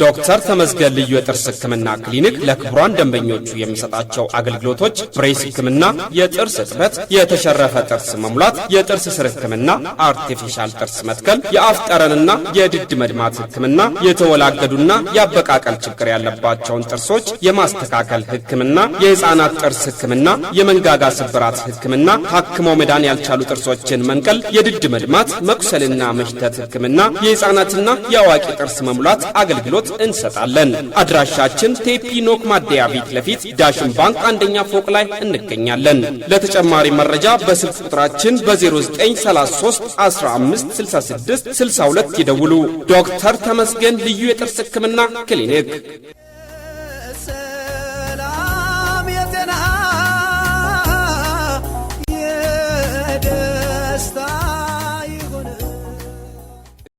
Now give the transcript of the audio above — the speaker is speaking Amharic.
ዶክተር ተመስገን ልዩ የጥርስ ህክምና ክሊኒክ ለክቡራን ደንበኞቹ የሚሰጣቸው አገልግሎቶች ብሬስ ህክምና፣ የጥርስ እጥበት፣ የተሸረፈ ጥርስ መሙላት፣ የጥርስ ስር ህክምና፣ አርቲፊሻል ጥርስ መትከል፣ የአፍ ጠረንና የድድ መድማት ህክምና፣ የተወላገዱና የአበቃቀል ችግር ያለባቸውን ጥርሶች የማስተካከል ህክምና፣ የህፃናት ጥርስ ህክምና፣ የመንጋጋ ስብራት ህክምና፣ ታክሞ መዳን ያልቻሉ ጥርሶችን መንቀል፣ የድድ መድማት፣ መቁሰልና መሽተት ህክምና፣ የህፃናትና የአዋቂ ጥርስ መሙላት አገልግሎት አገልግሎት እንሰጣለን። አድራሻችን ቴፒ ኖክ ማደያ ፊት ለፊት ዳሽን ባንክ አንደኛ ፎቅ ላይ እንገኛለን። ለተጨማሪ መረጃ በስልክ ቁጥራችን በ 0933156662 62 ይደውሉ። ዶክተር ተመስገን ልዩ የጥርስ ሕክምና ክሊኒክ